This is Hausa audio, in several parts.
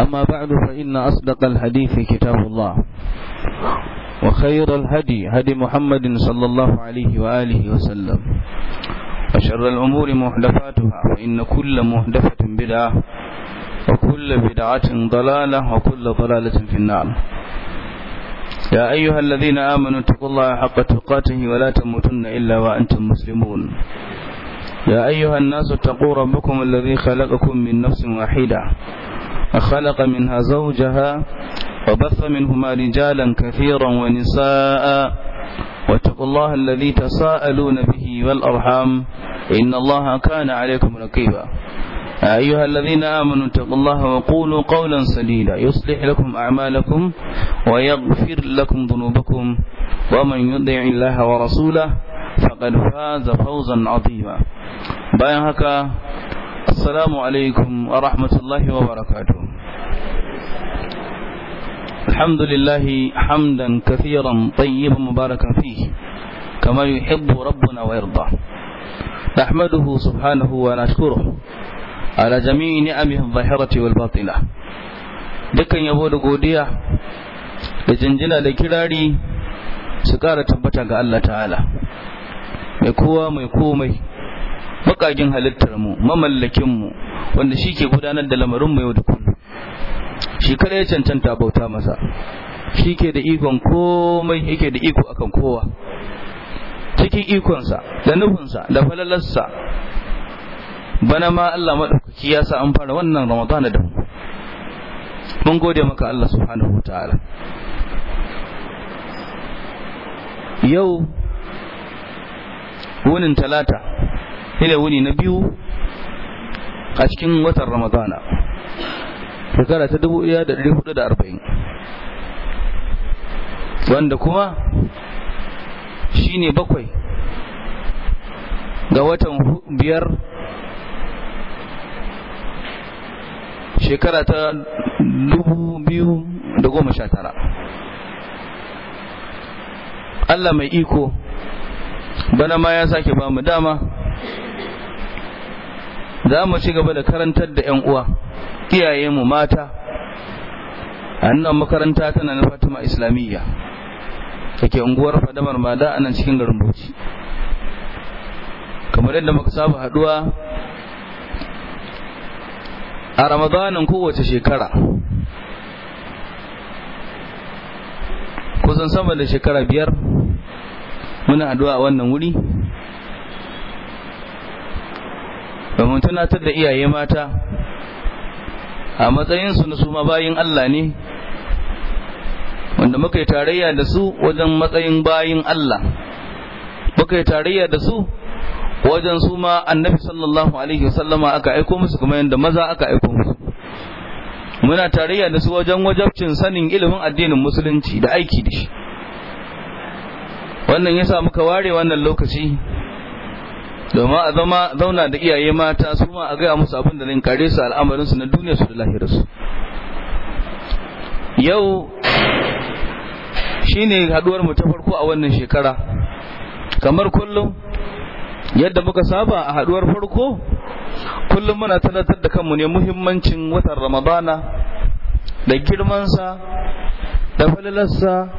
أما بعد فإن أصدق الحديث كتاب الله وخير الهدي هدي محمد صلى الله عليه وآله وسلم وشر الأمور محدثاتها فإن كل محدفة بدعة وكل بدعة ضلالة وكل ضلالة في النار يا أيها الذين آمنوا اتقوا الله حق تقاته ولا تموتن إلا وأنتم مسلمون يا أيها الناس اتقوا ربكم الذي خلقكم من نفس واحدة خلق منها زوجها وبث منهما رجالا كثيرا ونساء واتقوا الله الذي تساءلون به والأرحام إن الله كان عليكم رقيبا أيها الذين آمنوا اتقوا الله وقولوا قولا سديدا يصلح لكم أعمالكم ويغفر لكم ذنوبكم ومن يطع الله ورسوله فقد فاز فوزا عظيما bayan السلام عليكم ورحمة الله وبركاته الحمد لله حمدا كثيرا طيبا مباركا فيه كما يحب ربنا ويرضى نحمده سبحانه ونشكره على جميع نعمه الظاهرة والباطنة dukkan yabo da godiya da jinjina da kirari su ƙara tabbata ga Allah ta'ala mai kowa mai komai bakagin halittar mu mamallakin mu wanda shi ke gudanar da lamarin mu yau da kullum shi kare ya cancanta bauta masa shi ke da ikon komai yake da iko akan kowa cikin ikonsa da nufinsa da falalarsa bana ma Allah maɗaukaki ya sa an fara wannan ramadana da mun gode maka Allah subhanahu wataala yau wunin talata ila wuni na biyu a cikin watan ramadana shekara ta dubu ɗaya da dari hudu da arba'in wanda kuma shi ne bakwai ga watan biyar shekara ta dubu biyu da goma sha tara Allah mai iko bana ma ya sake ba mu dama za mu ci gaba da karantar da 'yan uwa iyaye mu mata a nan makaranta tana na fatima islamiyya take unguwar fadamar mada a nan cikin garin bauchi kamar yadda muka saba haduwa a ramadanin kowace shekara kusan sama da shekara biyar muna haduwa a wannan wuri domin tunatar da iyaye mata a matsayinsu na suma bayin Allah ne wanda muka yi tarayya da su wajen matsayin bayin Allah muka yi tarayya da su wajen su ma annabi sallallahu alaihi wasallama aka aiko musu kuma yadda maza aka aiko musu muna tarayya da su wajen wajabcin sanin ilimin addinin musulunci da aiki da shi wannan yasa muka ware wannan lokaci domin a zama zauna da iyaye mata su ma a gaya musu abin da kare su al'amarinsu na duniya su da su. yau shine haduwar mu ta farko a wannan shekara kamar kullum yadda muka saba a haduwar farko kullum muna talatar da kanmu ne muhimmancin watan ramadana da girmansa da falalarsa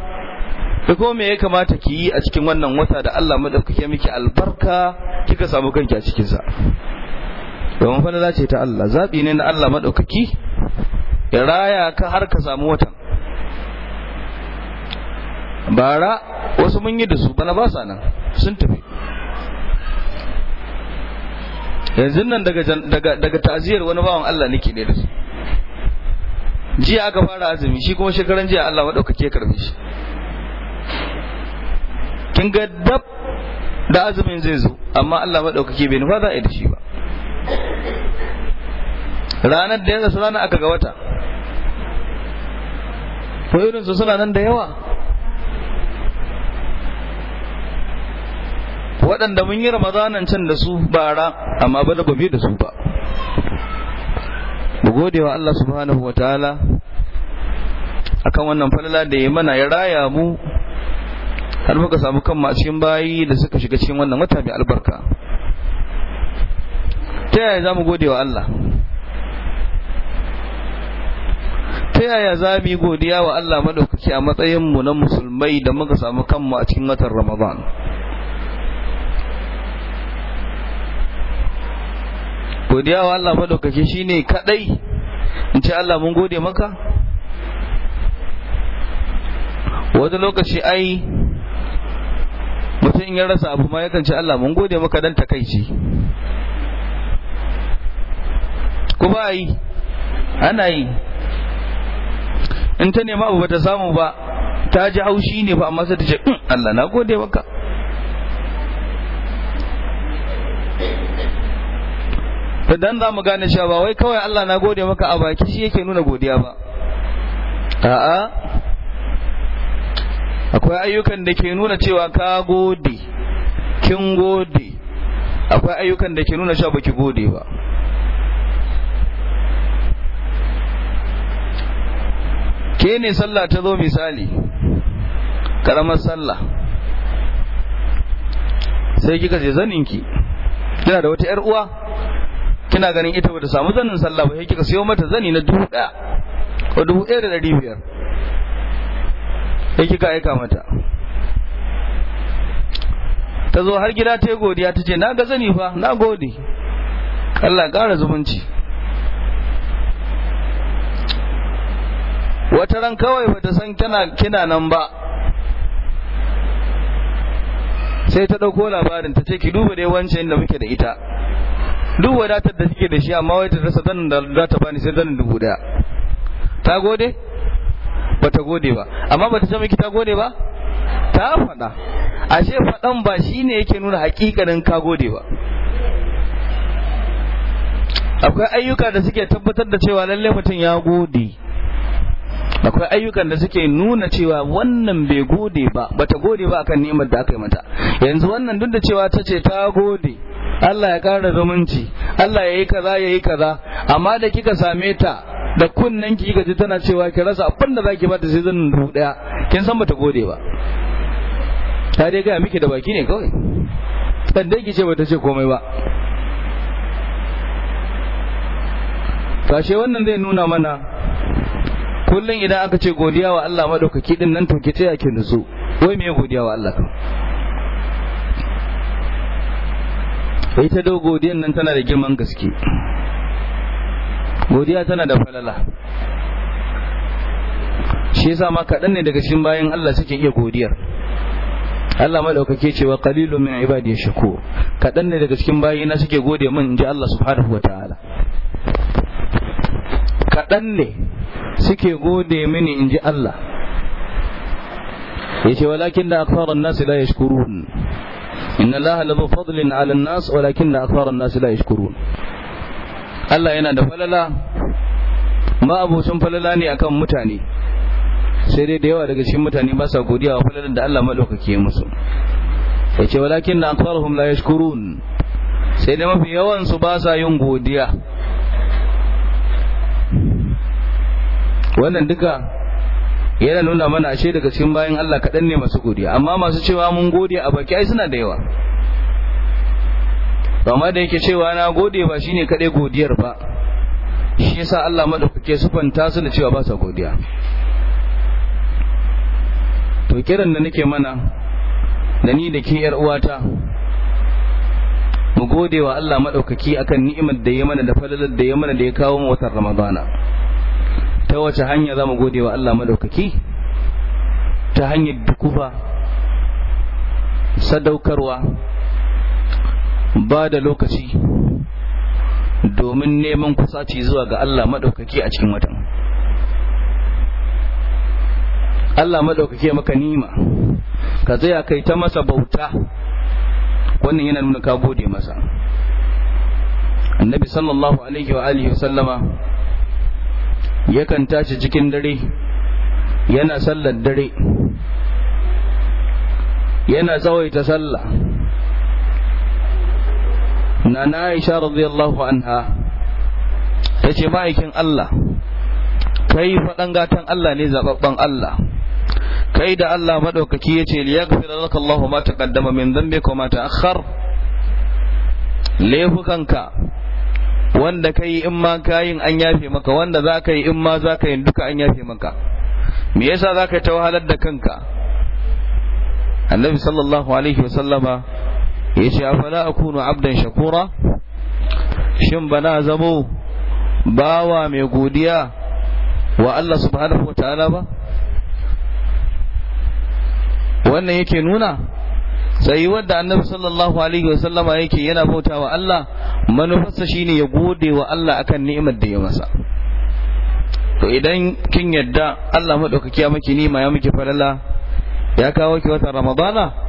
da kuma me ya kamata ki yi a cikin wannan wata da Allah madaukake miki albarka kika samu kanki a cikin sa domin fa ce ta Allah zabi ne na Allah madaukaki ya raya ka har ka samu watan bara wasu mun yi da su bana ba sa nan sun tafi yanzu nan daga daga daga ta'aziyar wani bawan Allah nake ne da su jiya aka fara azumi shi kuma shekaran jiya Allah madaukake ya karbe shi kin ga dab da azumin zai zo amma Allah maɗaukaki bai nufa za a yi da shi ba ranar da ya zasu rana aka ga wata ko irin su suna nan da yawa waɗanda mun yi ramadanan can da su bara amma ba da gobe da su ba mu gode wa Allah subhanahu wa ta'ala akan wannan falala da ya mana ya raya mu har muka samu kanmu a cikin bayi da suka shiga cikin wannan wata mai albarka ta yaya za mu gode wa Allah ta yaya za mu yi godiya wa Allah madaukaki a matsayinmu na musulmai da muka samu kanmu a cikin watan ramadan godiya wa Allah madaukaki shine kadai in ce Allah mun gode maka wani lokaci ai mutum in yi rasa abu ma yakan ce Allah mun gode maka dan takaici ku ba yi ana yi in ta nema abu bata samu ba ta ji haushi ne ba amma sai ta ce hmm, Allah na gode maka dan za mu gane cewa wai kawai Allah na gode maka a baki shi yake nuna godiya ba a'a akwai ayyukan da ke nuna cewa ka gode kin gode akwai ayyukan da ke nuna cewa baki gode ba ke ne sallah ta zo misali karamar sallah sai kika ce zaninki kina da wata 'yar uwa kina ganin ita bata samu zanin sallah ba sai kika siyo mata zani na dubu ɗaya ko dubu ɗaya da dari biyar ya kika aika mata ta zo har gida ta yi godiya ta ce na ga zani fa na gode Allah ƙara zumunci wata ran kawai ba ta san kina nan ba sai ta ɗauko labarin ta ce ki duba dai wancan da muke da ita duk wadatar da kike da shi amma wai ta rasa zanin da za ta bani sai dan dubu daya ta gode bata gode ba amma bata ce miki ta gode ba ta faɗa ashe faɗan ba shine yake nuna hakikanin ka gode ba akwai ayyuka da suke tabbatar da cewa lalle mutum ya gode akwai ayyukan da suke nuna cewa wannan bai gode ba bata gode ba akan neman da aka yi mata yanzu wannan duk da cewa ta ce ta gode Allah ya ƙara zumunci Allah ya yi kaza ya yi kaza amma da kika same ta da kunnen ki gaji tana cewa ki rasa abin da zaki bata sai zan dubu daya kin san bata gode ba ta dai gaya miki da baki ne kawai dan dai ki ce bata ce komai ba kashe wannan zai nuna mana kullum idan aka ce godiya wa Allah madaukaki din nan to ki ce yake nusu, wai me godiya wa Allah kan ita dogo godiyan nan tana da girman gaske godiya tana da falala shi yasa ma kaɗan ne daga cikin bayan Allah suke iya godiyar Allah maɗaukake ce wa qalilun min ibadi yashku kaɗan ne daga cikin bayan na suke gode min inji Allah subhanahu wataala kaɗan ne suke gode mini inji Allah yace walakin da aktharun nas la yashkurun inna Allah la fadlin ala an-nas walakin da aktharun nas la yashkurun Allah yana da falala ma'abucin falala ne akan mutane sai dai da yawa daga cikin mutane ba sa godiya wa falalan da Allah madaukake musu ce walakin na aktharuhum la yashkurun sai dai mafi yawan su ba sa yin godiya wannan duka yana nuna mana ashe daga cikin bayan Allah kaɗan ne masu godiya amma masu cewa mun gode a baki ai suna da yawa amma da yake cewa na gode ba shine kadai godiyar ba shi yasa Allah madaukake sufanta su da cewa ba sa godiya to kiran da nake mana da ni da ke yar uwata mu gode wa Allah madaukaki akan ni'imar da ya mana da falalar da ya mana da ya kawo mu watan Ramadana ta wace hanya za mu gode wa Allah madaukaki ta hanyar dukufa sadaukarwa ba da lokaci domin neman kusaci zuwa ga Allah maɗaukaki a cikin watan Allah maɗaukaki maka nima ka zai kai ta masa bauta wannan yana nuna ka gode masa annabi sallallahu alaihi wa alihi sallama yakan tashi cikin dare yana sallar dare yana tsawaita sallah na na aisha radiyallahu anha ta ce ma'aikin Allah kai faɗan gatan Allah ne zababban Allah kai da Allah madaukaki ya ce liyaghfira laka Allahu ma taqaddama min dhanbika wa ma ta'akhkhar laifukanka wanda kai in ma kayin an yafe maka wanda za ka yi in ma za ka yi duka an yafe maka me yasa za ka ta wahalar da kanka annabi sallallahu alaihi sallama. yace afala kunu abdan shakura shin bana zamo bawa mai godiya wa Allah subhanahu wataala ba wannan yake nuna sai wanda annabi sallallahu alaihi wasallama yake yana bautawa Allah manufarsa shine ya gode wa Allah akan ni'imar da ya masa to idan kin yadda Allah madaukaki ya miki nima ya miki falala ya kawo ki wata ramadana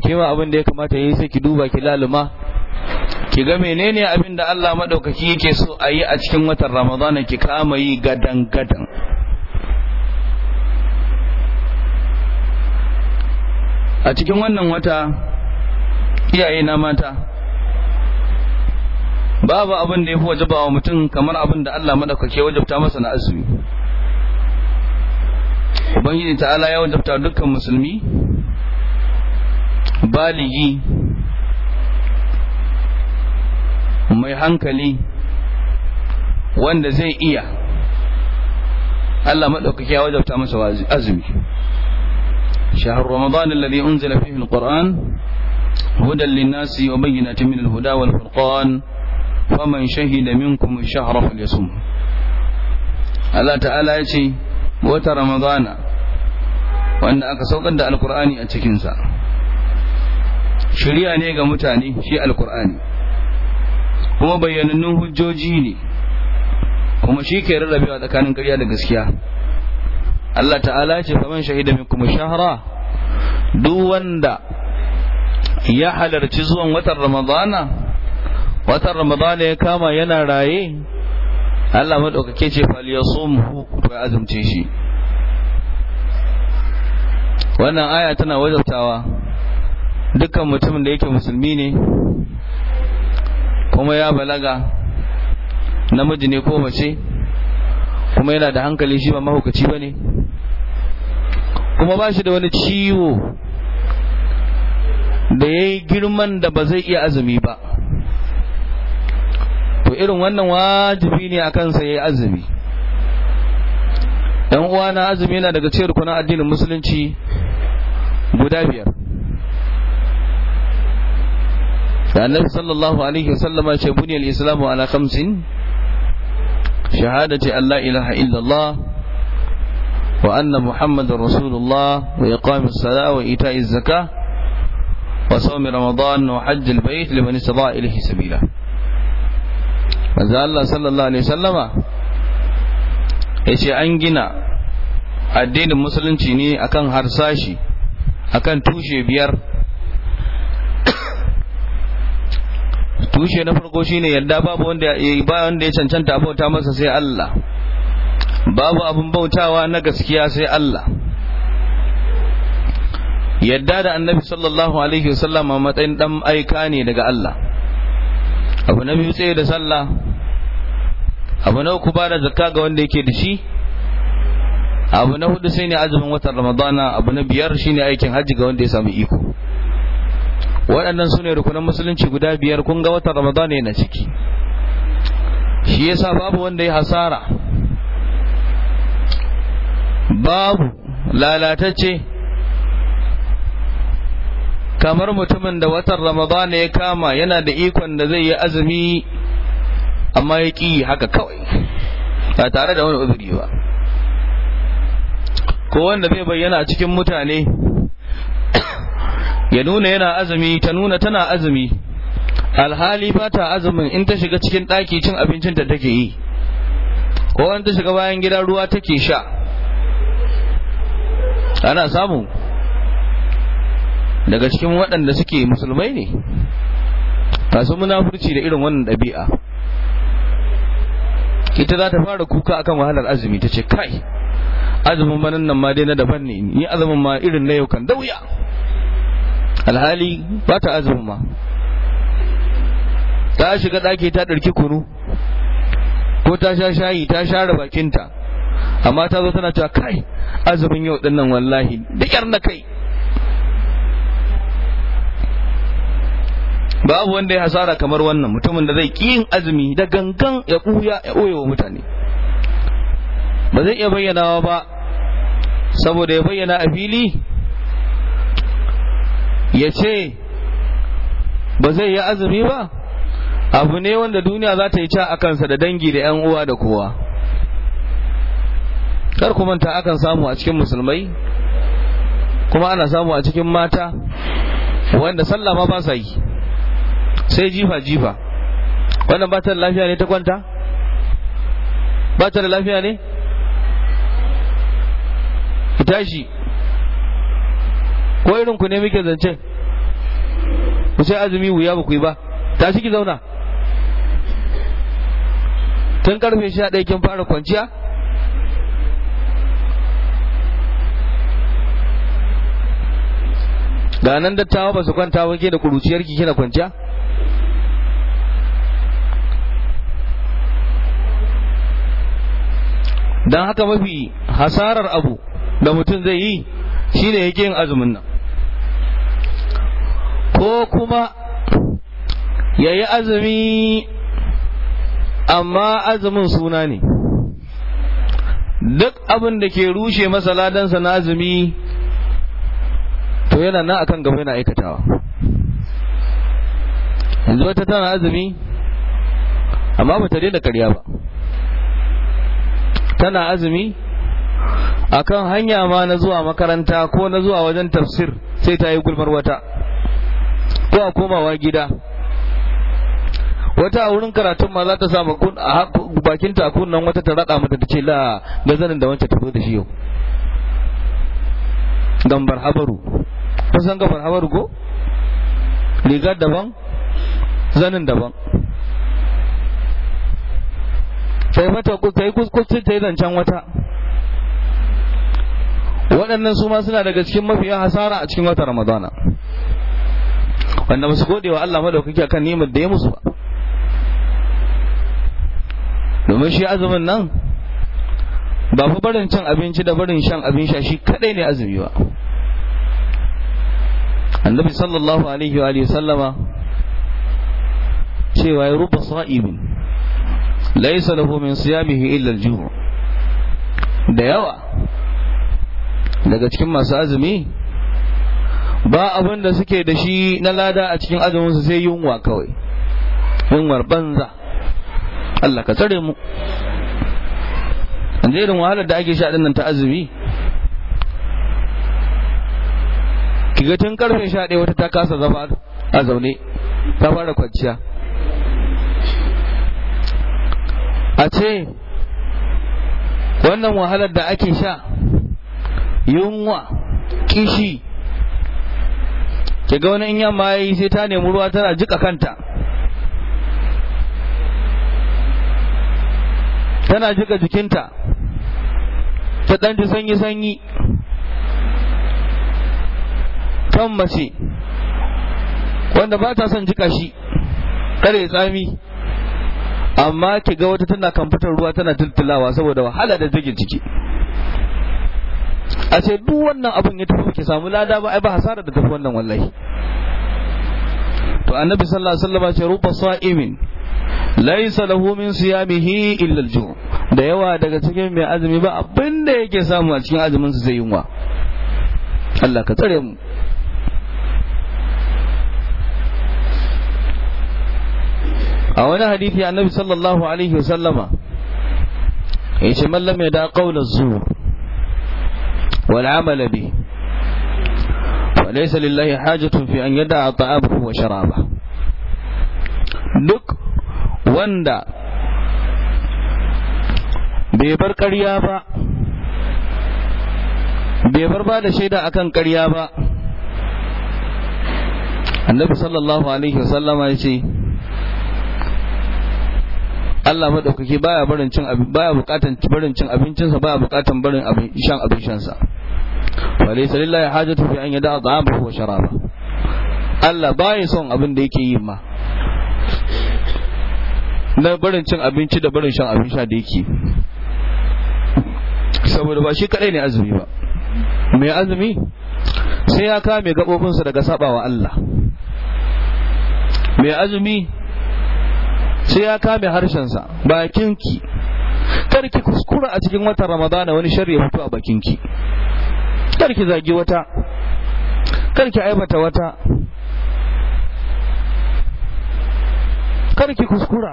to kema abin da ya kamata yayi sai ki duba ki laluma ki ga menene abin da Allah madaukaki yake so a yi a cikin watan Ramadana ki kama yi gadan gadan a cikin wannan wata iyaye na mata babu abin da ya fi wajaba wa mutum kamar abin da Allah ya wajabta masa na azumi ubangiji ta'ala ya wajabta dukkan musulmi baligi mai hankali wanda zai iya Allah maɗaukaki ya wajabta masa azumi shahar ramadan alladhi unzila fihi alquran hudan linnasi wa bayyinatin min alhuda wal furqan faman shahida minkum ash-shahra falyasum Allah ta'ala ya ce wata ramadana wanda aka saukar da alqur'ani a cikin sa shari'a ne ga mutane shi alkur'ani kuma bayyanannun hujjoji ne kuma shi ke rarrabewa tsakanin ƙarya da gaskiya Allah ta'ala ce faman shahida min kuma shahara duk wanda ya halarci zuwan watan ramadana watan ramadana ya kama yana raye Allah maɗaukake ce falyasumhu ya azumce shi wannan aya tana wajabtawa dukkan mutumin da yake musulmi ne kuma ya balaga namiji ne ko mace kuma yana da hankali shi ba mahaukaci ba ne kuma ba shi da wani ciwo da ya yi girman da ba zai iya azumi ba to irin wannan wajibi ne a kansa ya yi azumi ɗan na azumi yana daga cikin rukunan addinin musulunci guda biyar da annabi sallallahu alaihi wasallama ce buniyal islamu ala khamsin shahadati an la ilaha illallah wa anna muhammadar rasulullah wa iqamis salah wa ita'iz zakah wa sawmi ramadan wa hajjil bait liman istata ilayhi sabila manzo Allah sallallahu alaihi wasallama yace an gina addinin musulunci ne akan harsashi akan tushe biyar tushe na farko shine yadda babu wanda eh, ba wanda ya cancanta bauta masa sai Allah babu abun bautawa na gaskiya sai Allah yadda da annabi sallallahu alaihi wasallam a matsayin dan aika ne daga Allah abu na biyu tsaye da sallah abu na uku bada zakka ga wanda yake da shi abu na hudu sai ne azumin watan ramadana abu na biyar shine aikin hajji ga wanda ya samu iko waɗannan su ne rukunan musulunci guda biyar kun ga watan ramadan ne na ciki shi yasa babu wanda ya hasara babu lalatacce kamar mutumin da watan ramadan ya kama yana da ikon da zai yi azumi amma ya ƙi haka kawai ba tare da wani uzuri ba ko wanda bai bayyana a cikin mutane ya nuna yana azumi ta nuna tana azumi alhali ba ta azumin in ta shiga cikin daki cin abincin da take yi ko an ta shiga bayan gida ruwa take sha ana samu daga cikin waɗanda suke musulmai ne tasu munafurci da irin wannan ɗabi'a ita za ta fara kuka akan wahalar azumi ta ce kai azumin manan nan ma dai na daban ne ni azumin ma irin na yau kan dauya alhali ba ta azumin ma ta shiga ɗaki ta ɗarki kunu ko ta sha shayi ta share bakinta amma ta zo tana cewa kai azumin yau ɗin nan wallahi dukar na kai babu wanda ya hasara kamar wannan mutumin da zai ki azumi da gangan ya ɓuya ya ɓoye wa mutane ba zai iya bayyanawa ba saboda ya bayyana a fili ya ce ba zai yi azumi ba abu ne wanda duniya za ta yi ca a kansa da dangi da 'yan uwa da kowa kar kuma ta akan samu a cikin musulmai kuma ana samu a cikin mata wanda sallama ba sa yi sai jifa jifa wannan ba ta da lafiya ne ta kwanta ba ta da lafiya ne ki tashi ko irin ku ne muke zancen ku sai azumi wuya ba ku yi ba shi ki zauna tun karfe sha ɗaya kin fara kwanciya ga nan dattawa ba su kwanta ba ke da ki kina kwanciya don haka mafi hasarar abu da mutum zai yi shine yake yin azumin nan ko kuma ya yi azumi amma azumin suna ne duk abin da ke rushe masa ladansa na azumi to yana nan akan gaba yana aikatawa yanzu wata tana azumi amma ba ta daina karya ba tana azumi akan hanya ma na zuwa makaranta ko na zuwa wajen tafsir sai ta yi gulmar wata ko a komawa gida wata a wurin karatun ma za ta sa bakin ta kunnan wata ta rada mata ta ce la da zanin da wancan tafi da shi yau gambar habaru kusan ga habaru ko riga daban zanin daban sai mata ta yi kuskusin ta yi zancen wata waɗannan su ma suna daga cikin mafiya hasara a cikin wata ramadana wanda musu gode wa Allah madaukaki akan nimar da ya musu ba domin shi azumin nan ba fa barin cin abinci da barin shan abin sha shi kadai ne azumi ba annabi sallallahu alaihi wa alihi sallama cewa ya ruba sa'ibin laysa lahu min siyamihi illa al da yawa daga cikin masu azumi ba abin da suke da shi na lada a cikin azuminsu sai yunwa kawai yunwar banza Allah ka tsare mu yanzu irin wahalar da ake sha nan ta azumi kiga tun karfe sha ɗaya wata ta kasa zama a zaune ta fara kwanciya a ce wannan wahalar da ake sha yunwa kishi ga wani in yamma yayi sai ta nemi ruwa tana jika kanta tana jika jikinta ta dan ji sanyi sanyi kan mace wanda ba ta son jika shi kare tsami amma ke ga wata tana kamfutar ruwa tana tiltilawa saboda wahala da jirgin ciki a ce duk wannan abin ya tafi ki samu lada ba ai ba hasara da tafi wannan wallahi to annabi sallallahu alaihi wasallam ce rufa sa'imin laisa lahu min siyamihi illa al da yawa daga cikin mai azumi ba abinda da yake samu a cikin azumin su zai yunwa Allah ka tsare mu a wani hadithi annabi sallallahu alaihi wasallama yace man lam yada qawla az-zur wal amala bihi laysa lillahi hajatun fi an yada'a ta'abahu wa sharaba duk wanda bai bar ƙarya ba bai bar ba da shaida akan ƙarya ba annabi sallallahu alaihi ya ce Allah maɗaukaki baya barin cin abin baya bukatan barin cin abincinsa baya bukatan barin abin shan abin فليس لله حاجة في أن يدع طعامه وشرابه Allah baya son abin da yake yi ma na barin cin abinci da barin shan abin sha da yake saboda ba shi kadai ne azumi ba mai azumi sai ya kame gaɓoɓinsa daga sabawa Allah mai azumi sai ya kame harshensa bakinki kar ki kuskura a cikin watan ramadana wani shari'a ya fito a bakinki kar ki zagi wata kar ki aibata wata kar ki kuskura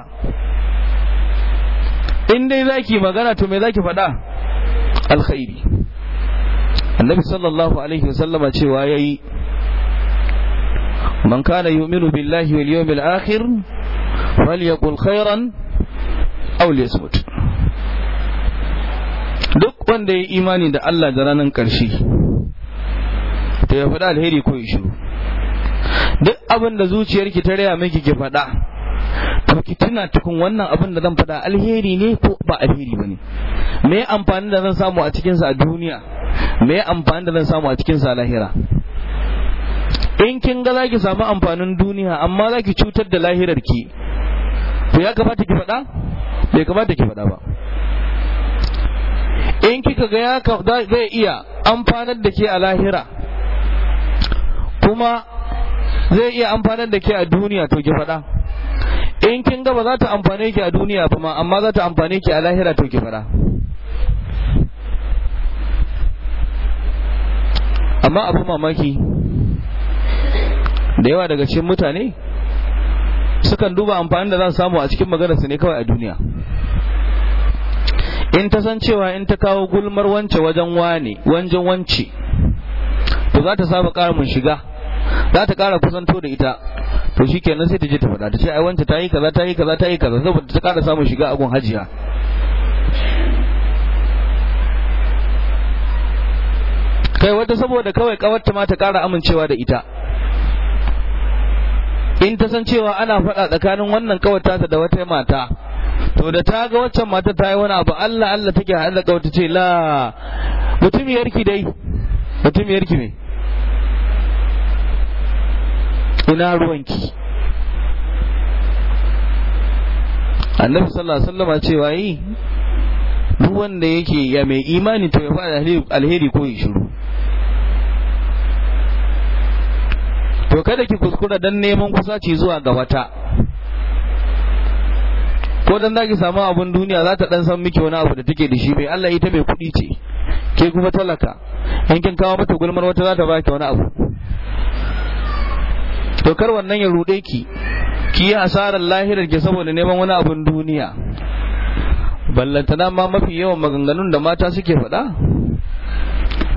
in dai za zaki magana to me ki faɗa alkhairi annabi sallallahu alaihi wasallama cewa ya yayi man kana yu'minu billahi wal yawmil akhir falyakul khairan aw liyasmut duk wanda ya imani da Allah da ranar ƙarshe to ya faɗa alheri ko ya shiru duk abin da zuciyarki ta raya miki ki faɗa to ki tuna tukun wannan abin da zan faɗa alheri ne ko ba alheri ba ne me amfani da zan samu a cikin sa a duniya me amfani da zan samu a cikin sa a lahira in kin ga zaki samu amfanin duniya amma zaki cutar da lahirar ki to ya kamata ki faɗa bai kamata ki faɗa ba in kika ga ya zai iya amfanar da ke a lahira kuma zai iya amfanar da ke a duniya to ki faɗa in kin ga ba za ta amfane ki a duniya ba amma za ta amfane ki a lahira to ki faɗa amma abu mamaki da yawa daga cikin mutane sukan duba amfanin da za su samu a cikin maganarsu ne kawai a duniya in ta san cewa in ta kawo gulmar wance wajen wane wajen wance to za ta saba ƙaramin shiga za ta ƙara kusanto da ita to shi kenan sai ta je ta faɗa ta ce ai wance ta yi kaza ta yi kaza ta yi kaza saboda ta ƙara samun shiga gun hajiya kai wata saboda kawai kawarta ma ta ƙara amincewa da ita in ta san cewa ana faɗa tsakanin wannan kawar ta da wata mata to da ta ga waccan mata ta yi wani abu Allah Allah take haɗa wata ce la mutum yarki dai mutum yarki ne ina ruwanki annabi sallallahu alaihi wasallam cewa yi duk wanda yake ya mai imani to ya fara alheri ko ya shiru to kada ki kuskura dan neman kusaci zuwa ga wata ko dan zaki samu abun duniya za ta dan san miki wani abu da take da shi mai Allah ita mai kuɗi ce ke kuma talaka in kin kawo mata gulmar wata za ta baki wani abu to kar wannan ya rude ki ki yi asarar lahirar ki saboda neman wani abun duniya ballantana ma mafi yawan maganganun da mata suke faɗa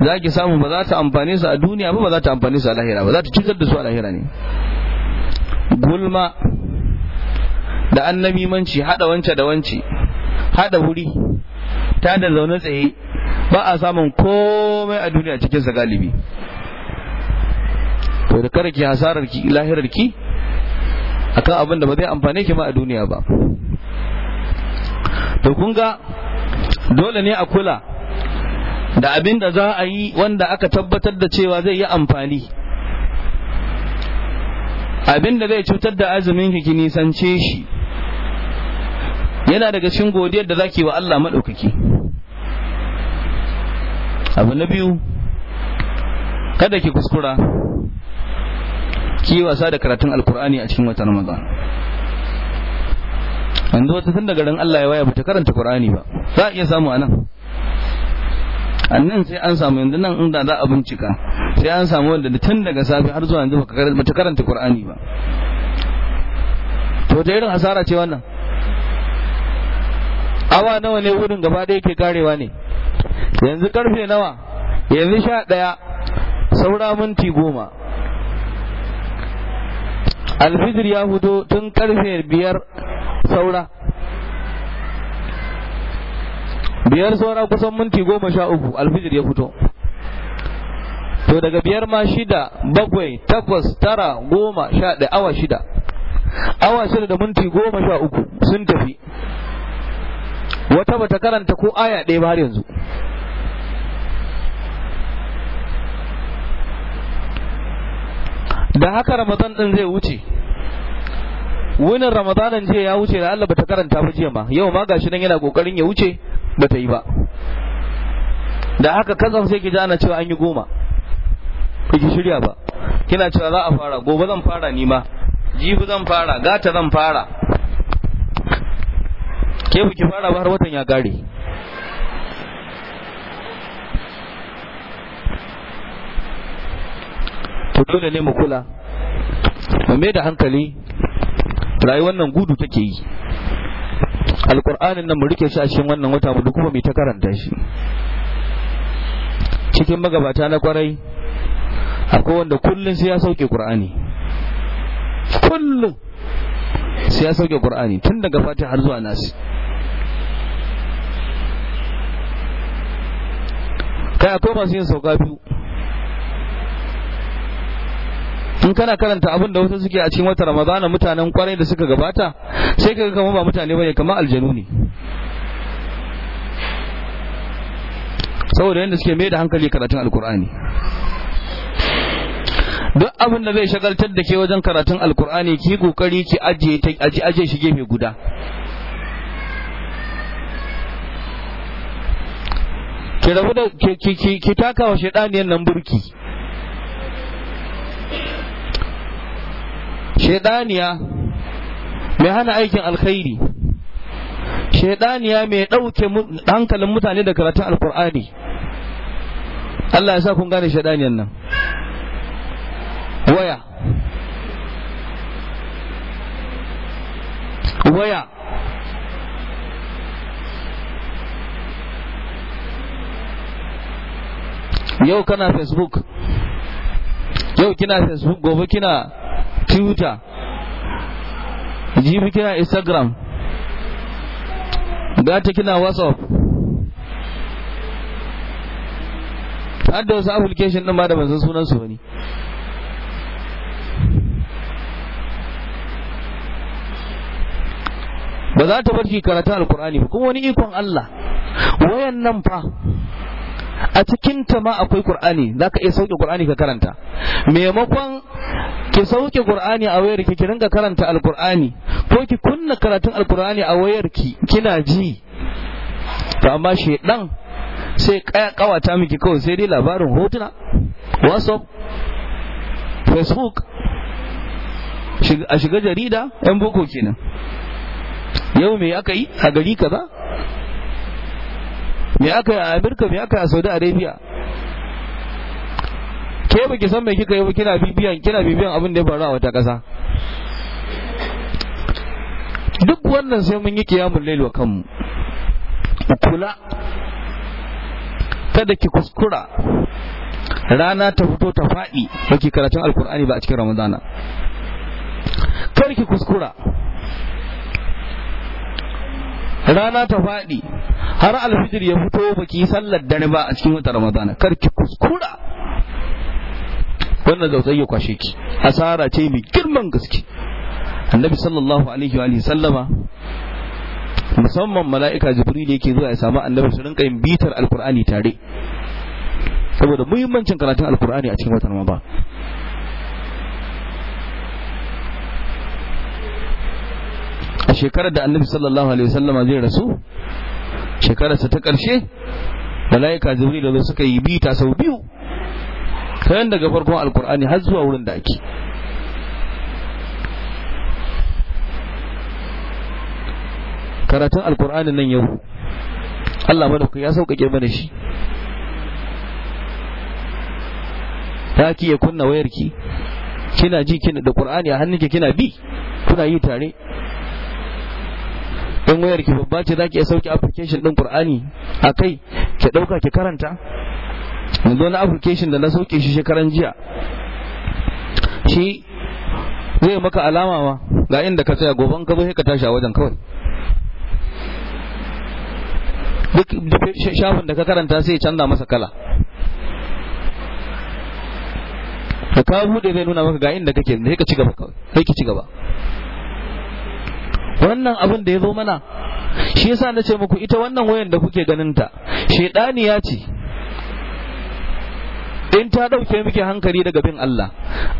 za ki samu ba za ta amfane su a duniya ba ba za ta amfane su a lahira ba za ta cutar da su a lahira ne gulma da annabimanci hada wance da wance hada wuri ta da zaune tsaye ba a samun komai a duniya cikin sa galibi to da karki ki hasarar ki lahirar ki akan abin da ba zai amfane ki ma a duniya ba to kun ga dole ne a kula da abin da za a yi wanda aka tabbatar da cewa zai yi amfani abin da zai cutar da azumin ki nisance shi yana daga cikin godiyar da zaki wa Allah maɗaukaki abu na biyu kada ki kuskura ki wasa da karatun alkur'ani a cikin watan ramadan yanzu wata tun daga ran Allah ya waya bata karanta qur'ani ba za a iya samu anan annan sai an samu yanzu nan inda za a bincika sai an samu wanda tun daga safe har zuwa yanzu bata karanta qur'ani ba to da irin asara ce wannan awa nawa ne wurin gaba ɗaya ke karewa ne yanzu karfe nawa yanzu sha ɗaya saura minti goma alfijir ya fito tun karfe biyar saura biyar saura kusan minti goma sha uku alfijir ya fito to daga biyar ma shida bakwai takwas tara goma sha ɗaya awa shida awa shida da minti goma sha uku sun tafi wata bata karanta ko aya ɗaya ba har yanzu da haka ramadan ɗin zai wuce wunin ramadanin jiya ya wuce da Allah bata karanta ba jiya ma yau ma gashi nan yana kokarin ya wuce bata yi ba da haka kazan sai ki ji ana cewa an yi goma ki shirya ba kina cewa za a fara gobe zan fara ni ma jibi zan fara gata zan fara ke ba ki fara ba har watan ya gare to dole ne mu kula mu mai da hankali rayuwar nan gudu take yi alkur'anin nan mu rike shi a cikin wannan wata mu duk kuma mu ta karanta shi cikin magabata na kwarai akwai wanda kullum sai ya sauke qur'ani kullum sai ya sauke qur'ani tun daga fatiha har zuwa nasi kai akwai masu yin sauka biyu in kana karanta abin da wata suke a cikin wata ramadana mutanen kwarai da suka gabata sai ka kama ba mutane bane kama aljanu ne saboda yadda suke mai da hankali karatun alkur'ani duk abin da zai shagaltar da ke wajen karatun alkur'ani ki kokari ki ajiye shi gefe guda ki rabu da ki ki ki taka wa shedaniyan nan burki shedaniya mai hana aikin alkhairi shedaniya mai ɗauke hankalin mutane da karatun alkur'ani Allah ya sa kun gane shedaniyan nan waya waya yau kana facebook yau kina facebook gobe kina twitter jibi kina instagram gata kina whatsapp har da wasu application din ma da ban san sunan su wani ba za ta barki karatun alkur'ani ba kuma wani ikon Allah wayan nan fa a cikin ta ma akwai Qur'ani zaka iya sauke Qur'ani ka karanta maimakon ki sauke Qur'ani a wayarki ki ki ringa karanta al ko ki kunna karatun al a wayarki kina ji to amma shedan sai kaya kawata miki kawai sai dai labarin hotuna WhatsApp Facebook a shiga jarida 'yan boko kenan yau me aka yi a gari kaza me aka yi a Amerika me aka yi a Saudi Arabia ke ba ki san mai kika yi ba kina bibiyan kina bibiyan abin da ya faru a wata ƙasa duk wannan sai mun yi kiyamun lail wa kanmu kula kada ki kuskura rana ta fito ta faɗi ba ki karatun alkur'ani ba a cikin ramadana kar ki kuskura rana ta faɗi har alfijir ya fito baki sallar dare ba a cikin wata ramadana kar ki kuskura wannan zautsai ya kwashe ki asara ce mai girman gaske annabi sallallahu alaihi wa sallama musamman mala'ika jibril yake zuwa ya samu annabi su rinka yin bitar alqur'ani tare saboda muhimmancin karatun alkur'ani a cikin wata ramadana a shekarar da annabi sallallahu alaihi wasallama zai rasu shekararsa ta ƙarshe malaika jibril da suka yi bita sau biyu kayan daga farkon alqur'ani har zuwa wurin da ake karatun alqur'ani nan yau Allah madauka ya sauƙaƙe mana shi ta ki ya kunna wayarki kina ji kina da qur'ani a hannunki kina bi kuna yi tare in wayar ki babba ce zaki iya sauke application din Qur'ani akai ki dauka ki karanta yanzu na application da na sauke shi shekaran jiya shi zai maka alama ma ga inda ka tsaya goban ka zo sai ka tashi a wajen kawai duk shafin da ka karanta sai canza masa kala da kawo bude zai nuna maka ga inda kake sai ka ci gaba kawai sai ki ci gaba wannan abin da ya zo mana shi yasa na ce muku ita wannan wayan da kuke ganin ta ya ce in ta ɗauke muke hankali daga bin Allah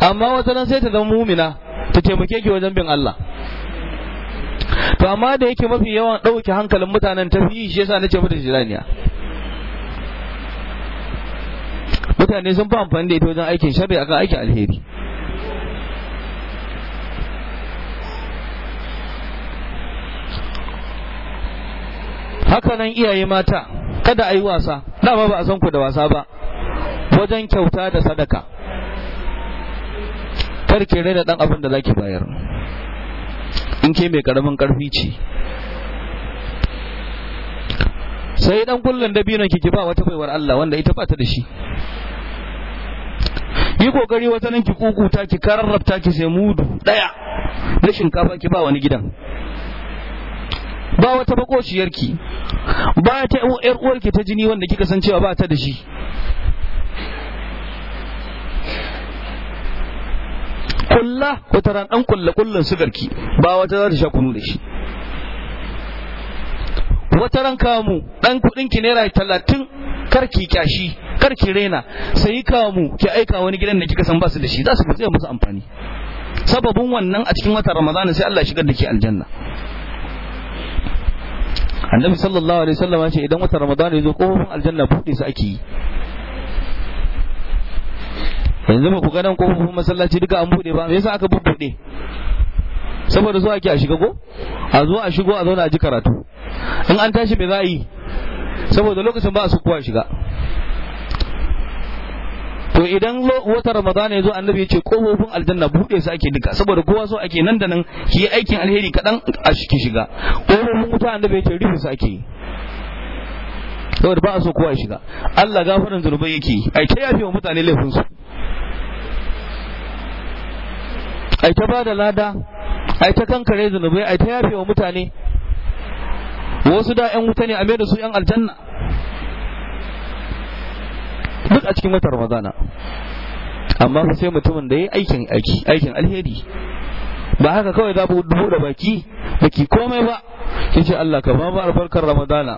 amma wata nan sai ta zama mumina ta taimake ki wajen bin Allah to amma da yake mafi yawan ɗauke hankalin mutanen ta fi shi yasa na ce mata shaidaniya mutane sun fi amfani da ita wajen aikin shari'a akan aikin alheri haka nan iyaye mata kada a yi wasa dama ba a san ku da wasa ba wajen kyauta da sadaka karki rai da dan abin da zaki bayar in ke mai karamin karfi ce sai dan kullun dabinon kike ba wata baiwar Allah wanda ita ba ta da shi yi kokari wata nan ki kukuta ki kararrabta ki sai mudu daya na shinkafa ki ba wani gidan ba wata bakociyarki ba ta ƴar uwarki ta jini wanda kika san cewa ba ta da shi kulla wata ran dan kulla kullun sugarki ba wata za ta sha kunu da shi wata ran kamu dan kudin ki naira talatin karki kyashi karki rena sai kamu ki aika wani gidan da kika san ba su da shi za su fi musu amfani sababin wannan a cikin watan ramadana sai Allah shigar da ke aljanna annabi sallallahu alaihi wasallam ya ce idan watan ramadan ya zo kofofin aljanna buɗe su ake yi yanzu ba ku ga nan kofofin masallaci duka an buɗe ba me yasa aka bubbuɗe saboda zuwa ake a shiga go a zo a shigo a zauna a ji karatu in an tashi me za a yi saboda lokacin ba a su kowa shiga to idan wata ramadan ya zo annabi ya ce kofofin aljanna buɗe su ake duka saboda kowa so ake nan da nan ki yi aikin alheri kaɗan a shiki shiga kofofin wuta annabi ya ce rufe su ake saboda ba a so kowa ya shiga Allah gafarin zunubai yake ai ta yafe wa mutane laifin su ai ta bada lada ai ta kankare zunubai ai ta yafe wa mutane wasu da yan wuta ne a mai da su yan aljanna duk a cikin watan ramadana amma fa sai mutumin da ya aikin aiki aikin alheri ba haka kawai za ku da baki baki komai ba ce Allah ka ba mu albarkar ramadana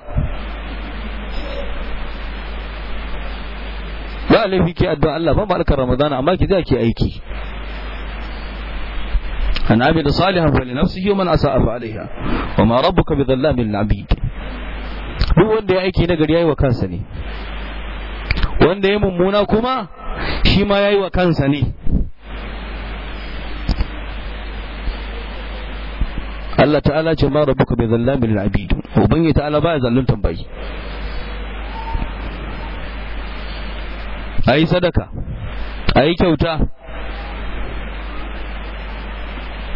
ba laifi ke addu'a Allah ba albarkar ramadana amma ki za ki aiki an abi da salihan fa li nafsihi man asa'a fa alaiha wa ma rabbuka bi dhallamin abid duk wanda ya aiki na gari yayi wa kansa ne wanda ya mummuna kuma shi ma ya yi wa kansa ne Allah ta'ala ce ma rabuka bai zalla min al'abid yi ta'ala ba ya zallun tambayi a yi sadaka a yi kyauta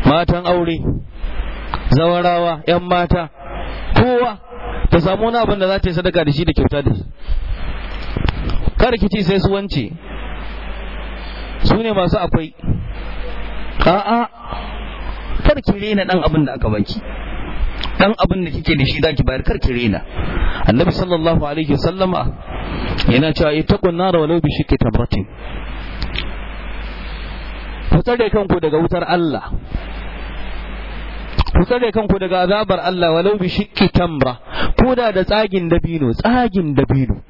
matan aure zawarawa 'yan mata kowa ta samu wani abin da za ta yi sadaka da shi da kyauta da shi kar ki ce sai su wance su ne masu akwai a'a kar ki rena dan abin da aka baki dan abin da kike da shi zaki bayar kar ki rena annabi sallallahu alaihi wasallama yana cewa ittaqun nar walau bi shiqqi tamratin fitar da kanku daga wutar Allah fitar da kanku daga azabar Allah walau bi shiqqi tamra koda da tsagin dabino tsagin dabino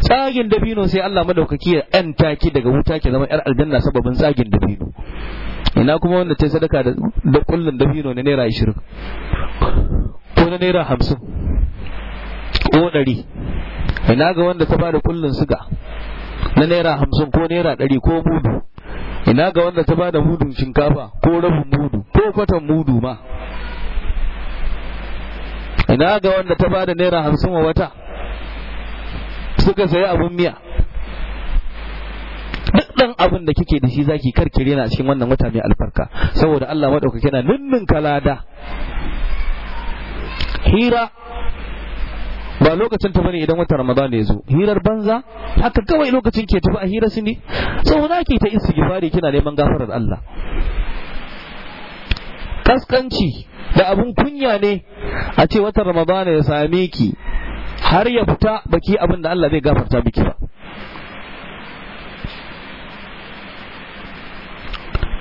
tsagin dabino sai Allah madaukaki ya ɗanta ki daga wuta ki zama yar aljanna sababin tsagin dabino ina kuma wanda ta sadaka da kullun dabino na naira 20 ko na naira 50 ko ɗari? ina ga wanda ta bada kullun suga na naira 50 ko naira 100 ko mudu ina ga wanda ta bada mudun shinkafa ko rabin mudu ko kwatan mudu ma ina ga wanda ta bada naira hamsin wa wata suka sayi abun miya duk dan abin da kike da shi zaki karkire na cikin wannan wata mai albarka saboda Allah madauka kina ninnin kalada hira ba lokacin ta bane idan watan Ramadan ya zo hirar banza haka kawai lokacin ke tafi a hira su ne saboda ke ta istighfari kina neman gafarar Allah kaskanci da abun kunya ne a ce watan Ramadan ya same ki har ya fita baki abin da Allah zai gafarta biki ba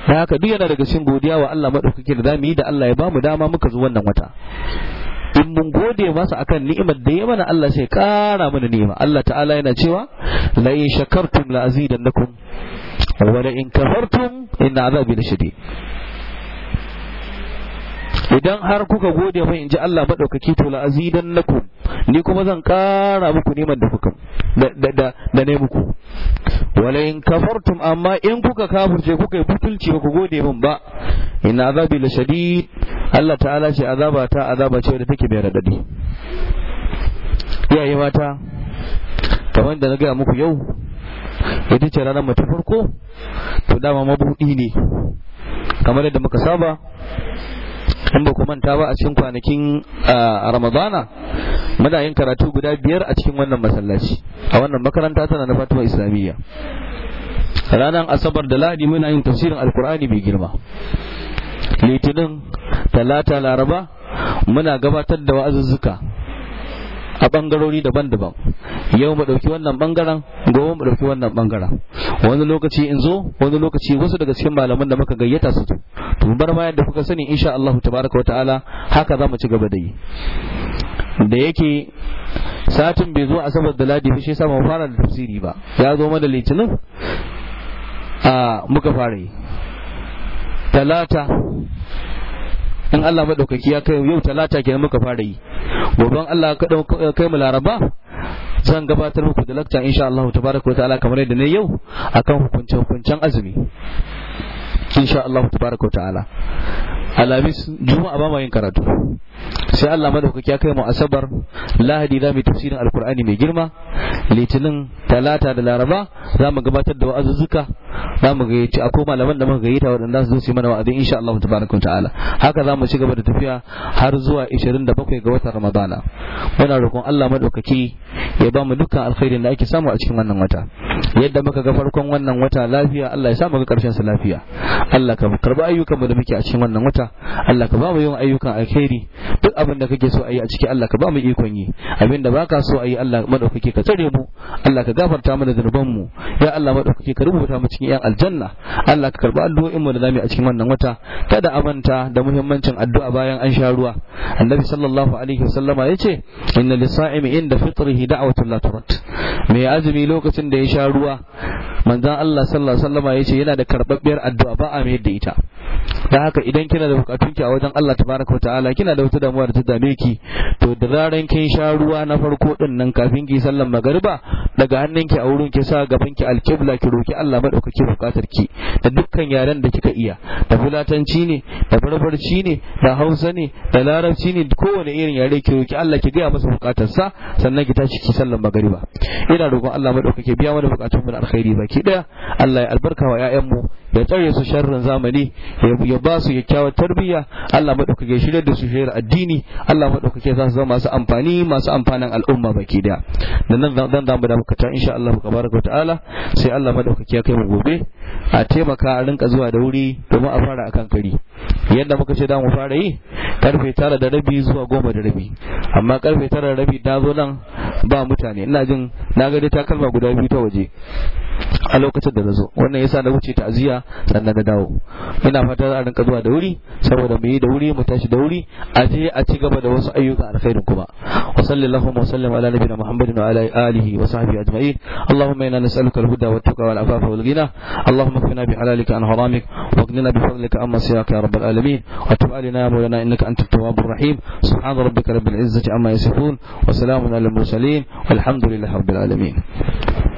da haka duk yana daga cikin godiya wa Allah madaukake da zamu yi da Allah ya bamu dama muka zo wannan wata in mun gode masa akan ni'imar da ya mana Allah sai kara mana ni'ima Allah ta'ala yana cewa la in shakartum la azidannakum wa la in kafartum inna azabi lashadid idan har kuka gode mai in ji Allah maɗaukaki to la'azidan ku ni kuma zan ƙara muku neman da kuka da ne muku wala in kafartum amma in kuka kafurce kuka yi butulci ba ku gode min ba ina azabi la shadid Allah ta'ala ce azaba ta azaba ce da take mai radadi iyaye mata kamar da na gaya muku yau ita ce ranar mata farko to dama mabuɗi ne kamar yadda muka saba in ba ku manta ba a cikin kwanakin ramadana muna yin karatu guda biyar a cikin wannan masallaci a wannan makaranta tana na fatima islamiyya ranar asabar da lahadi muna yin tafsirin alkur'ani mai girma litinin talata laraba muna gabatar da wa'azuzzuka a bangarori daban-daban yau mu ɗauki wannan bangaren gowa mu ɗauki wannan bangaren wani lokaci in zo wani lokaci wasu daga cikin malaman da muka gayyata su to bar ma yadda kuka sani insha Allah tabaraka wataala haka za mu ci gaba da yi da yake satin bai zo a da ladi shi yasa mu fara da tafsiri ba ya zo mana litinin a muka fara yi talata in Allah madaukaki ya kai yau talata kenan muka fara yi gobe Allah ya kai mu laraba zan gabatar muku da lakta insha Allah tabaraka wa ta'ala kamar yadda ne yau akan hukunce hukuncen azumi insha Allah tabaraka wa ta'ala alamis juma'a ba ma yin karatu sai Allah madaukaki ya kai mu asabar lahadi za mu tafsirin alkur'ani mai girma litinin talata da laraba za mu gabatar da wa'azuzzuka za mu a akwai malaman da muka gayyata waɗanda su su yi mana wa'azi insha Allah tabaraka ta'ala haka za mu ci gaba da tafiya har zuwa 27 ga watan Ramadana muna roƙon Allah madaukaki ya ba mu dukkan alkhairin da ake samu a cikin wannan wata yadda muka ga farkon wannan wata lafiya Allah ya sa mu ga karshen sa lafiya Allah ka karba ayyukan mu da muke a cikin wannan wata Allah ka ba mu yawan ayyukan alkhairi duk abin da kake so a yi a ciki Allah ka ba mu ikon yi abin da baka so a yi Allah madaukaki ka tsare mu Allah ka gafarta mana zanuban mu ya Allah madaukaki ka rubuta mu cikin gidan aljanna Allah ka karba addu'o'in mu da zamu a cikin wannan wata kada a manta da muhimmancin addu'a bayan an sha ruwa annabi sallallahu alaihi wasallama yace inna lisa'imi inda fitrihi da'watun la turat mai azumi lokacin da ya sha ruwa manzan Allah sallallahu alaihi wasallam yace yana da karbabbiyar addu'a ba a mayar da ita dan haka idan kina da bukatunki a wajen Allah tabaraka wa ta'ala kina da wata damuwa da ta dame ki to da zaran kin sha ruwa na farko din nan kafin ki sallan magariba daga hannunki a wurin ki sa gaban ki alqibla ki roki Allah madaukaki bukatar ki da dukkan yaren da kika iya da fulatanci ne da barbarci ne da Hausa ne da Larabci ne kowane irin yare ki roki Allah ki gaya masa bukatarsa sannan ki tashi ki sallan magariba ina roƙon Allah madaukaki biya mana bukatun mu na alkhairi baki baki ɗaya Allah ya albarka wa 'ya'yanmu ya tsare su sharrin zamani ya ba su kyakkyawar tarbiyya Allah madaukake shirya da su shirya addini Allah madaukake za su zama masu amfani masu amfanin al'umma baki daya da nan dan za mu da muka ta insha Allah tabaraka ta'ala sai Allah madaukake ya kai mu gobe a taimaka a rinka zuwa da wuri domin a fara akan kari yadda muka ce da mu fara yi karfe tara da rabi zuwa goma da rabi amma karfe tara da rabi na zo nan ba mutane ina jin na ga dai takalma guda biyu ta waje a lokacin da na zo wannan yasa na wuce ta'aziyya sannan na dawo ina fata a rinka zuwa da wuri saboda mu yi da wuri mu tashi da wuri a je a ci gaba da wasu ayyuka alkhairin kuma wa sallallahu wa sallam ala nabiyina muhammadin wa ala alihi wa sahbihi ajma'in allahumma inna nas'aluka al-huda wa taqwa wal afafa wal ghina allahumma kfina bi halalika an haramik wa ghnina bi fadlika amma siyaka ya rabbal alamin wa tub ya mawlana innaka antat tawwabur rahim subhana rabbika rabbil izzati amma yasifun wa salamun ala al-mursalin والحمد لله رب العالمين